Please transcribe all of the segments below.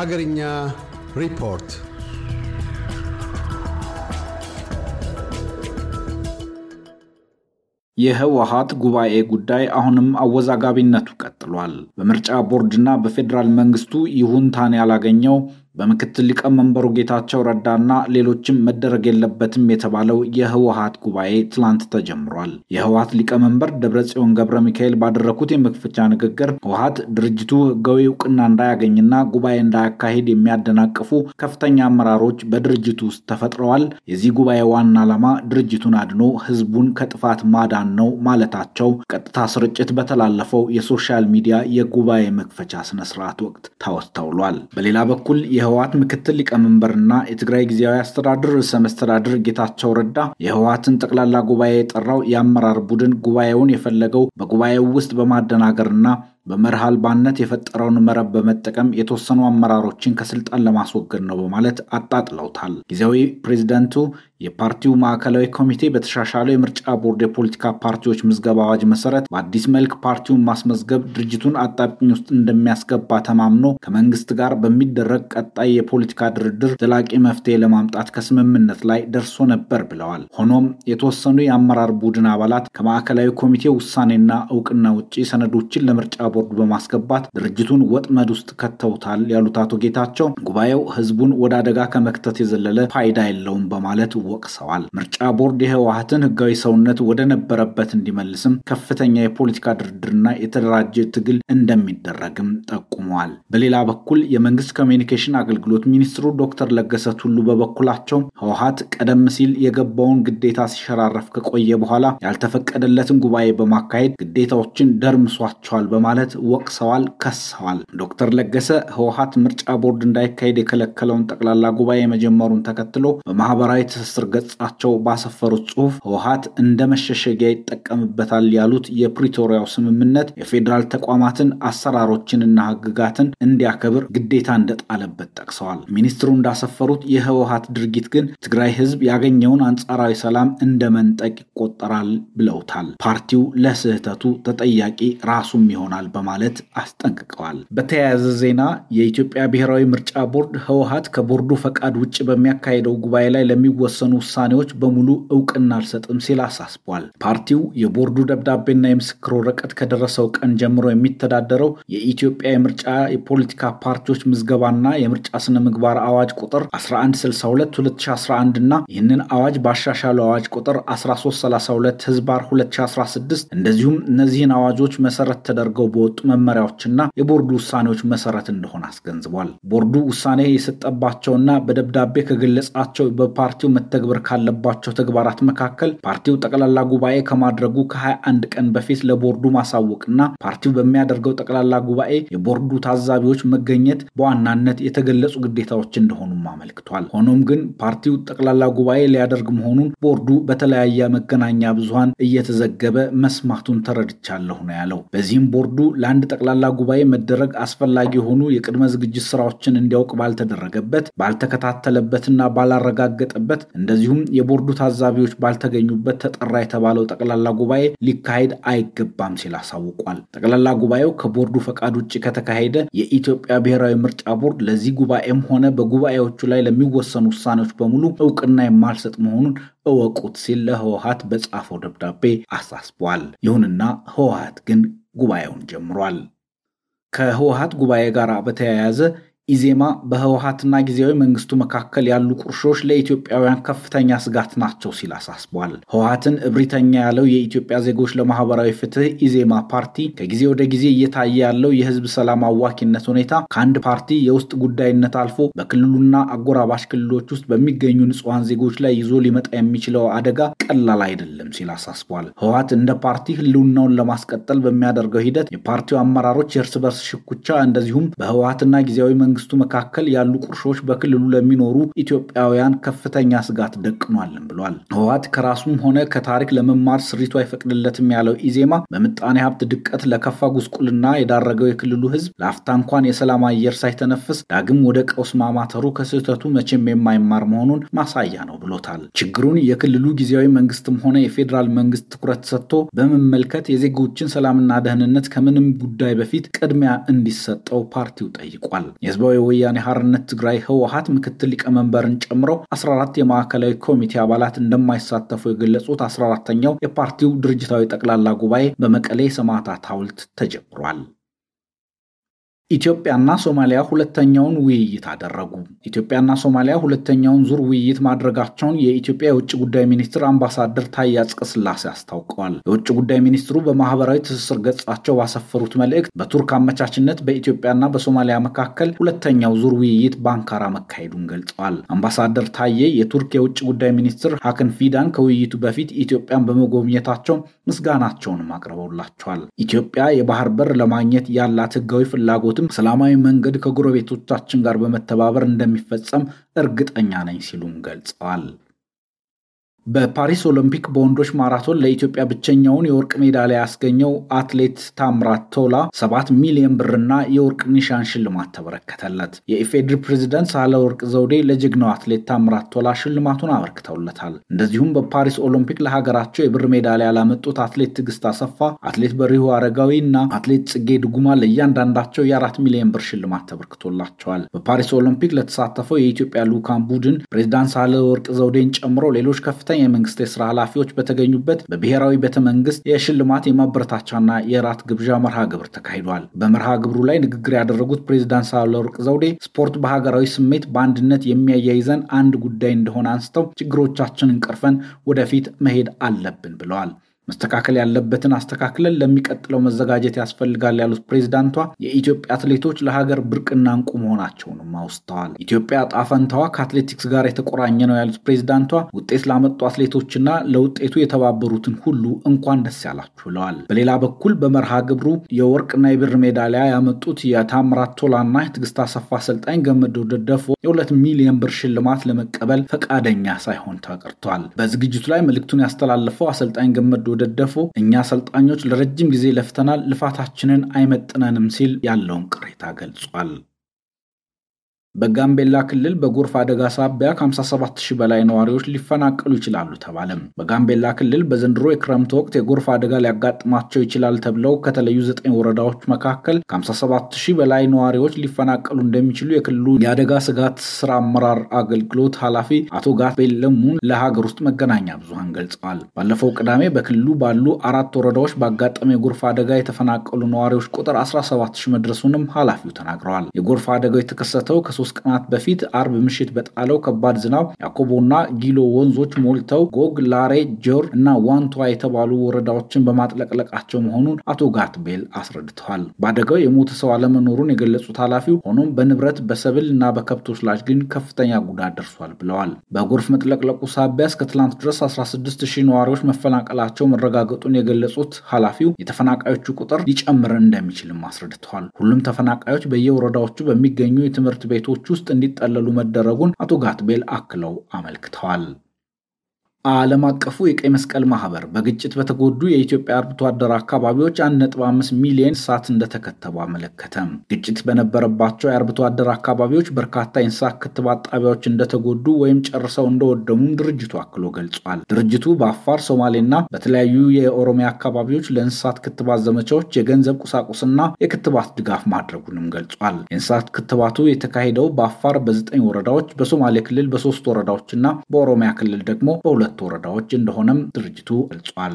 ሀገርኛ ሪፖርት የህወሀት ጉባኤ ጉዳይ አሁንም አወዛጋቢነቱ ቀጥ ቀጥሏል። በምርጫ ቦርድና በፌዴራል መንግስቱ ይሁንታን ያላገኘው በምክትል ሊቀመንበሩ ጌታቸው ረዳና ሌሎችም መደረግ የለበትም የተባለው የህወሀት ጉባኤ ትላንት ተጀምሯል። የህወሀት ሊቀመንበር ደብረጽዮን ገብረ ሚካኤል ባደረኩት የመክፈቻ ንግግር ህወሀት ድርጅቱ ህጋዊ እውቅና እንዳያገኝና ጉባኤ እንዳያካሄድ የሚያደናቅፉ ከፍተኛ አመራሮች በድርጅቱ ውስጥ ተፈጥረዋል። የዚህ ጉባኤ ዋና ዓላማ ድርጅቱን አድኖ ህዝቡን ከጥፋት ማዳን ነው ማለታቸው ቀጥታ ስርጭት በተላለፈው የሶሻል ሚዲያ የጉባኤ መክፈቻ ስነስርዓት ወቅት ታወስ ተውሏል። በሌላ በኩል የህወሀት ምክትል ሊቀመንበርና የትግራይ ጊዜያዊ አስተዳደር ርዕሰ መስተዳድር ጌታቸው ረዳ የህወሀትን ጠቅላላ ጉባኤ የጠራው የአመራር ቡድን ጉባኤውን የፈለገው በጉባኤው ውስጥ በማደናገርና በመርህ አልባነት የፈጠረውን መረብ በመጠቀም የተወሰኑ አመራሮችን ከስልጣን ለማስወገድ ነው በማለት አጣጥለውታል። ጊዜያዊ ፕሬዚደንቱ የፓርቲው ማዕከላዊ ኮሚቴ በተሻሻለው የምርጫ ቦርድ የፖለቲካ ፓርቲዎች ምዝገባ አዋጅ መሰረት በአዲስ መልክ ፓርቲውን ማስመዝገብ ድርጅቱን አጣብቂኝ ውስጥ እንደሚያስገባ ተማምኖ ከመንግስት ጋር በሚደረግ ቀጣይ የፖለቲካ ድርድር ዘላቂ መፍትሄ ለማምጣት ከስምምነት ላይ ደርሶ ነበር ብለዋል። ሆኖም የተወሰኑ የአመራር ቡድን አባላት ከማዕከላዊ ኮሚቴ ውሳኔና እውቅና ውጪ ሰነዶችን ለምርጫ ቦርድ በማስገባት ድርጅቱን ወጥመድ ውስጥ ከተውታል ያሉት አቶ ጌታቸው ጉባኤው ህዝቡን ወደ አደጋ ከመክተት የዘለለ ፋይዳ የለውም በማለት ወቅሰዋል። ምርጫ ቦርድ የህወሀትን ህጋዊ ሰውነት ወደ ነበረበት እንዲመልስም ከፍተኛ የፖለቲካ ድርድርና የተደራጀ ትግል እንደሚደረግም ጠቁመዋል። በሌላ በኩል የመንግስት ኮሚኒኬሽን አገልግሎት ሚኒስትሩ ዶክተር ለገሰ ቱሉ በበኩላቸው ህወሀት ቀደም ሲል የገባውን ግዴታ ሲሸራረፍ ከቆየ በኋላ ያልተፈቀደለትን ጉባኤ በማካሄድ ግዴታዎችን ደርምሷቸዋል በማለት በማለት ወቅሰዋል፣ ከሰዋል። ዶክተር ለገሰ ህወሀት ምርጫ ቦርድ እንዳይካሄድ የከለከለውን ጠቅላላ ጉባኤ መጀመሩን ተከትሎ በማህበራዊ ትስስር ገጻቸው ባሰፈሩት ጽሁፍ ህወሀት እንደ መሸሸጊያ ይጠቀምበታል ያሉት የፕሪቶሪያው ስምምነት የፌዴራል ተቋማትን አሰራሮችንና ህግጋትን እንዲያከብር ግዴታ እንደጣለበት ጠቅሰዋል። ሚኒስትሩ እንዳሰፈሩት የህወሀት ድርጊት ግን ትግራይ ህዝብ ያገኘውን አንጻራዊ ሰላም እንደ መንጠቅ ይቆጠራል ብለውታል። ፓርቲው ለስህተቱ ተጠያቂ ራሱም ይሆናል በማለት አስጠንቅቀዋል። በተያያዘ ዜና የኢትዮጵያ ብሔራዊ ምርጫ ቦርድ ህወሀት ከቦርዱ ፈቃድ ውጭ በሚያካሄደው ጉባኤ ላይ ለሚወሰኑ ውሳኔዎች በሙሉ እውቅና አልሰጥም ሲል አሳስቧል። ፓርቲው የቦርዱ ደብዳቤና የምስክር ወረቀት ከደረሰው ቀን ጀምሮ የሚተዳደረው የኢትዮጵያ የምርጫ የፖለቲካ ፓርቲዎች ምዝገባና የምርጫ ስነ ምግባር አዋጅ ቁጥር 1162 2011 እና ይህንን አዋጅ ባሻሻለው አዋጅ ቁጥር 1332 ህዝባር 2016 እንደዚሁም እነዚህን አዋጆች መሰረት ተደርገው በወጡ መመሪያዎችና የቦርዱ ውሳኔዎች መሰረት እንደሆነ አስገንዝቧል። ቦርዱ ውሳኔ የሰጠባቸውና በደብዳቤ ከገለጻቸው በፓርቲው መተግበር ካለባቸው ተግባራት መካከል ፓርቲው ጠቅላላ ጉባኤ ከማድረጉ ከ21 ቀን በፊት ለቦርዱ ማሳወቅና ፓርቲው በሚያደርገው ጠቅላላ ጉባኤ የቦርዱ ታዛቢዎች መገኘት በዋናነት የተገለጹ ግዴታዎች እንደሆኑም አመልክቷል። ሆኖም ግን ፓርቲው ጠቅላላ ጉባኤ ሊያደርግ መሆኑን ቦርዱ በተለያየ መገናኛ ብዙሃን እየተዘገበ መስማቱን ተረድቻለሁ ነው ያለው። በዚህም ቦርዱ ለአንድ ጠቅላላ ጉባኤ መደረግ አስፈላጊ የሆኑ የቅድመ ዝግጅት ስራዎችን እንዲያውቅ ባልተደረገበት፣ ባልተከታተለበትና ባላረጋገጠበት እንደዚሁም የቦርዱ ታዛቢዎች ባልተገኙበት ተጠራ የተባለው ጠቅላላ ጉባኤ ሊካሄድ አይገባም ሲል አሳውቋል። ጠቅላላ ጉባኤው ከቦርዱ ፈቃድ ውጭ ከተካሄደ የኢትዮጵያ ብሔራዊ ምርጫ ቦርድ ለዚህ ጉባኤም ሆነ በጉባኤዎቹ ላይ ለሚወሰኑ ውሳኔዎች በሙሉ እውቅና የማልሰጥ መሆኑን እወቁት ሲል ለህወሀት በጻፈው ደብዳቤ አሳስቧል። ይሁንና ህወሀት ግን ጉባኤውን ጀምሯል። ከህወሀት ጉባኤ ጋር በተያያዘ ኢዜማ በህወሀትና ጊዜያዊ መንግስቱ መካከል ያሉ ቁርሾች ለኢትዮጵያውያን ከፍተኛ ስጋት ናቸው ሲል አሳስቧል። ህወሀትን እብሪተኛ ያለው የኢትዮጵያ ዜጎች ለማህበራዊ ፍትህ ኢዜማ ፓርቲ ከጊዜ ወደ ጊዜ እየታየ ያለው የህዝብ ሰላም አዋኪነት ሁኔታ ከአንድ ፓርቲ የውስጥ ጉዳይነት አልፎ በክልሉና አጎራባሽ ክልሎች ውስጥ በሚገኙ ንጹሐን ዜጎች ላይ ይዞ ሊመጣ የሚችለው አደጋ ቀላል አይደለም ሲል አሳስቧል። ህወሀት እንደ ፓርቲ ህልውናውን ለማስቀጠል በሚያደርገው ሂደት የፓርቲው አመራሮች የእርስ በርስ ሽኩቻ እንደዚሁም በህወሀትና ጊዜያዊ መንግስት መንግስቱ መካከል ያሉ ቁርሾች በክልሉ ለሚኖሩ ኢትዮጵያውያን ከፍተኛ ስጋት ደቅኗልን ብሏል። ህወሓት ከራሱም ሆነ ከታሪክ ለመማር ስሪቱ አይፈቅድለትም ያለው ኢዜማ በምጣኔ ሀብት ድቀት ለከፋ ጉስቁልና የዳረገው የክልሉ ህዝብ ለአፍታ እንኳን የሰላም አየር ሳይተነፍስ ዳግም ወደ ቀውስ ማማተሩ ከስህተቱ መቼም የማይማር መሆኑን ማሳያ ነው ብሎታል። ችግሩን የክልሉ ጊዜያዊ መንግስትም ሆነ የፌዴራል መንግስት ትኩረት ሰጥቶ በመመልከት የዜጎችን ሰላምና ደህንነት ከምንም ጉዳይ በፊት ቅድሚያ እንዲሰጠው ፓርቲው ጠይቋል። የህዝባዊ የህዝባዊ ወያኔ ሀርነት ትግራይ ህወሀት ምክትል ሊቀመንበርን ጨምሮ 14 የማዕከላዊ ኮሚቴ አባላት እንደማይሳተፉ የገለጹት 14ተኛው የፓርቲው ድርጅታዊ ጠቅላላ ጉባኤ በመቀሌ ሰማዕታት ሐውልት ተጀምሯል። ኢትዮጵያና ሶማሊያ ሁለተኛውን ውይይት አደረጉ። ኢትዮጵያና ሶማሊያ ሁለተኛውን ዙር ውይይት ማድረጋቸውን የኢትዮጵያ የውጭ ጉዳይ ሚኒስትር አምባሳደር ታዬ አጽቀሥላሴ አስታውቀዋል። የውጭ ጉዳይ ሚኒስትሩ በማህበራዊ ትስስር ገጻቸው ባሰፈሩት መልእክት በቱርክ አመቻችነት በኢትዮጵያና በሶማሊያ መካከል ሁለተኛው ዙር ውይይት በአንካራ መካሄዱን ገልጸዋል። አምባሳደር ታዬ የቱርክ የውጭ ጉዳይ ሚኒስትር ሀክን ፊዳን ከውይይቱ በፊት ኢትዮጵያን በመጎብኘታቸው ምስጋናቸውንም አቅርበውላቸዋል። ኢትዮጵያ የባህር በር ለማግኘት ያላት ህጋዊ ፍላጎት የሚያደርጉትም ሰላማዊ መንገድ ከጎረቤቶቻችን ጋር በመተባበር እንደሚፈጸም እርግጠኛ ነኝ ሲሉም ገልጸዋል። በፓሪስ ኦሎምፒክ በወንዶች ማራቶን ለኢትዮጵያ ብቸኛውን የወርቅ ሜዳሊያ ያስገኘው አትሌት ታምራት ቶላ ሰባት ሚሊዮን ብርና የወርቅ ኒሻን ሽልማት ተበረከተለት። የኢፌዴሪ ፕሬዚደንት ሳህለወርቅ ዘውዴ ለጀግናው አትሌት ታምራት ቶላ ሽልማቱን አበርክተውለታል። እንደዚሁም በፓሪስ ኦሎምፒክ ለሀገራቸው የብር ሜዳሊያ ላመጡት አትሌት ትዕግስት አሰፋ፣ አትሌት በሪሁ አረጋዊ እና አትሌት ጽጌ ድጉማ ለእያንዳንዳቸው የአራት ሚሊዮን ብር ሽልማት ተበርክቶላቸዋል። በፓሪስ ኦሎምፒክ ለተሳተፈው የኢትዮጵያ ልዑካን ቡድን ፕሬዚዳንት ሳህለወርቅ ዘውዴን ጨምሮ ሌሎች ከፍተ ከፍተኛ የመንግስት የስራ ኃላፊዎች በተገኙበት በብሔራዊ ቤተ መንግስት የሽልማት የማበረታቻና የራት ግብዣ መርሃ ግብር ተካሂዷል። በመርሃ ግብሩ ላይ ንግግር ያደረጉት ፕሬዚዳንት ሳህለወርቅ ዘውዴ ስፖርት በሀገራዊ ስሜት በአንድነት የሚያያይዘን አንድ ጉዳይ እንደሆነ አንስተው ችግሮቻችንን ቀርፈን ወደፊት መሄድ አለብን ብለዋል። መስተካከል ያለበትን አስተካክለን ለሚቀጥለው መዘጋጀት ያስፈልጋል ያሉት ፕሬዚዳንቷ የኢትዮጵያ አትሌቶች ለሀገር ብርቅና እንቁ መሆናቸውንም አውስተዋል። ኢትዮጵያ ጣፈንታዋ ከአትሌቲክስ ጋር የተቆራኘ ነው ያሉት ፕሬዚዳንቷ ውጤት ላመጡ አትሌቶችና ለውጤቱ የተባበሩትን ሁሉ እንኳን ደስ ያላችሁ ብለዋል። በሌላ በኩል በመርሃ ግብሩ የወርቅና የብር ሜዳሊያ ያመጡት የታምራት ቶላና የትግስት አሰፋ አሰልጣኝ ገመዶ ደደፎ የሁለት ሚሊዮን ብር ሽልማት ለመቀበል ፈቃደኛ ሳይሆን ተቀርቷል። በዝግጅቱ ላይ መልእክቱን ያስተላለፈው አሰልጣኝ ገመዶ ስለተደደፉ እኛ አሰልጣኞች ለረጅም ጊዜ ለፍተናል፣ ልፋታችንን አይመጥነንም ሲል ያለውን ቅሬታ ገልጿል። በጋምቤላ ክልል በጎርፍ አደጋ ሳቢያ ከ57 ሺህ በላይ ነዋሪዎች ሊፈናቀሉ ይችላሉ ተባለም። በጋምቤላ ክልል በዘንድሮ የክረምት ወቅት የጎርፍ አደጋ ሊያጋጥማቸው ይችላል ተብለው ከተለዩ ዘጠኝ ወረዳዎች መካከል ከ57 ሺህ በላይ ነዋሪዎች ሊፈናቀሉ እንደሚችሉ የክልሉ የአደጋ ስጋት ስራ አመራር አገልግሎት ኃላፊ አቶ ጋቤ ለሙን ለሀገር ውስጥ መገናኛ ብዙሃን ገልጸዋል። ባለፈው ቅዳሜ በክልሉ ባሉ አራት ወረዳዎች ባጋጠመ የጎርፍ አደጋ የተፈናቀሉ ነዋሪዎች ቁጥር 17 ሺህ መድረሱንም ኃላፊው ተናግረዋል። የጎርፍ አደጋው የተከሰተው ከሶስት ቀናት በፊት አርብ ምሽት በጣለው ከባድ ዝናብ ያኮቦና ጊሎ ወንዞች ሞልተው ጎግ፣ ላሬ፣ ጆር እና ዋንቷ የተባሉ ወረዳዎችን በማጥለቅለቃቸው መሆኑን አቶ ጋትቤል አስረድተዋል። በአደጋው የሞተ ሰው አለመኖሩን የገለጹት ኃላፊው ሆኖም በንብረት በሰብል እና በከብቶች ላይ ግን ከፍተኛ ጉዳት ደርሷል ብለዋል። በጎርፍ መጥለቅለቁ ሳቢያ እስከ ትላንት ድረስ 16 ሺህ ነዋሪዎች መፈናቀላቸው መረጋገጡን የገለጹት ኃላፊው የተፈናቃዮቹ ቁጥር ሊጨምር እንደሚችልም አስረድተዋል። ሁሉም ተፈናቃዮች በየወረዳዎቹ በሚገኙ የትምህርት ቤቶች ውስጥ እንዲጠለሉ መደረጉን አቶ ጋትቤል አክለው አመልክተዋል። ዓለም አቀፉ የቀይ መስቀል ማህበር በግጭት በተጎዱ የኢትዮጵያ አርብቶ አደር አካባቢዎች 1.5 ሚሊዮን እንስሳት እንደተከተቡ አመለከተ። ግጭት በነበረባቸው የአርብቶ አደር አካባቢዎች በርካታ የእንስሳት ክትባት ጣቢያዎች እንደተጎዱ ወይም ጨርሰው እንደወደሙም ድርጅቱ አክሎ ገልጿል። ድርጅቱ በአፋር ሶማሌና በተለያዩ የኦሮሚያ አካባቢዎች ለእንስሳት ክትባት ዘመቻዎች የገንዘብ ቁሳቁስና የክትባት ድጋፍ ማድረጉንም ገልጿል። የእንስሳት ክትባቱ የተካሄደው በአፋር በዘጠኝ ወረዳዎች፣ በሶማሌ ክልል በሶስት ወረዳዎችና በኦሮሚያ ክልል ደግሞ በሁለት ሁለት ወረዳዎች እንደሆነም ድርጅቱ ገልጿል።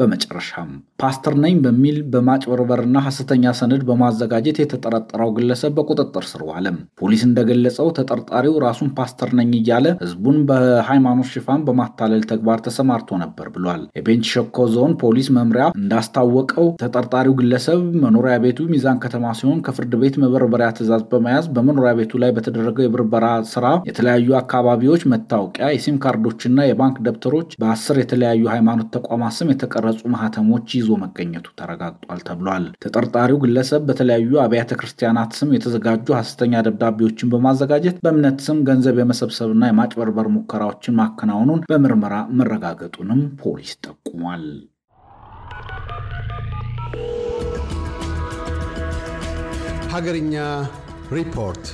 በመጨረሻም ፓስተር ነኝ በሚል በማጭበርበርና ሐሰተኛ ሰነድ በማዘጋጀት የተጠረጠረው ግለሰብ በቁጥጥር ስር ዋለ። ፖሊስ እንደገለጸው ተጠርጣሪው ራሱን ፓስተር ነኝ እያለ ህዝቡን በሃይማኖት ሽፋን በማታለል ተግባር ተሰማርቶ ነበር ብሏል። የቤንች ሸኮ ዞን ፖሊስ መምሪያ እንዳስታወቀው ተጠርጣሪው ግለሰብ መኖሪያ ቤቱ ሚዛን ከተማ ሲሆን ከፍርድ ቤት መበርበሪያ ትዕዛዝ በመያዝ በመኖሪያ ቤቱ ላይ በተደረገው የብርበራ ስራ የተለያዩ አካባቢዎች መታወቂያ፣ የሲም ካርዶችና የባንክ ደብተሮች በአስር የተለያዩ ሃይማኖት ተቋማት ስም የተቀረ የተቀረጹ ማህተሞች ይዞ መገኘቱ ተረጋግጧል ተብሏል። ተጠርጣሪው ግለሰብ በተለያዩ አብያተ ክርስቲያናት ስም የተዘጋጁ ሐሰተኛ ደብዳቤዎችን በማዘጋጀት በእምነት ስም ገንዘብ የመሰብሰብና የማጭበርበር ሙከራዎችን ማከናወኑን በምርመራ መረጋገጡንም ፖሊስ ጠቁሟል። ሀገርኛ ሪፖርት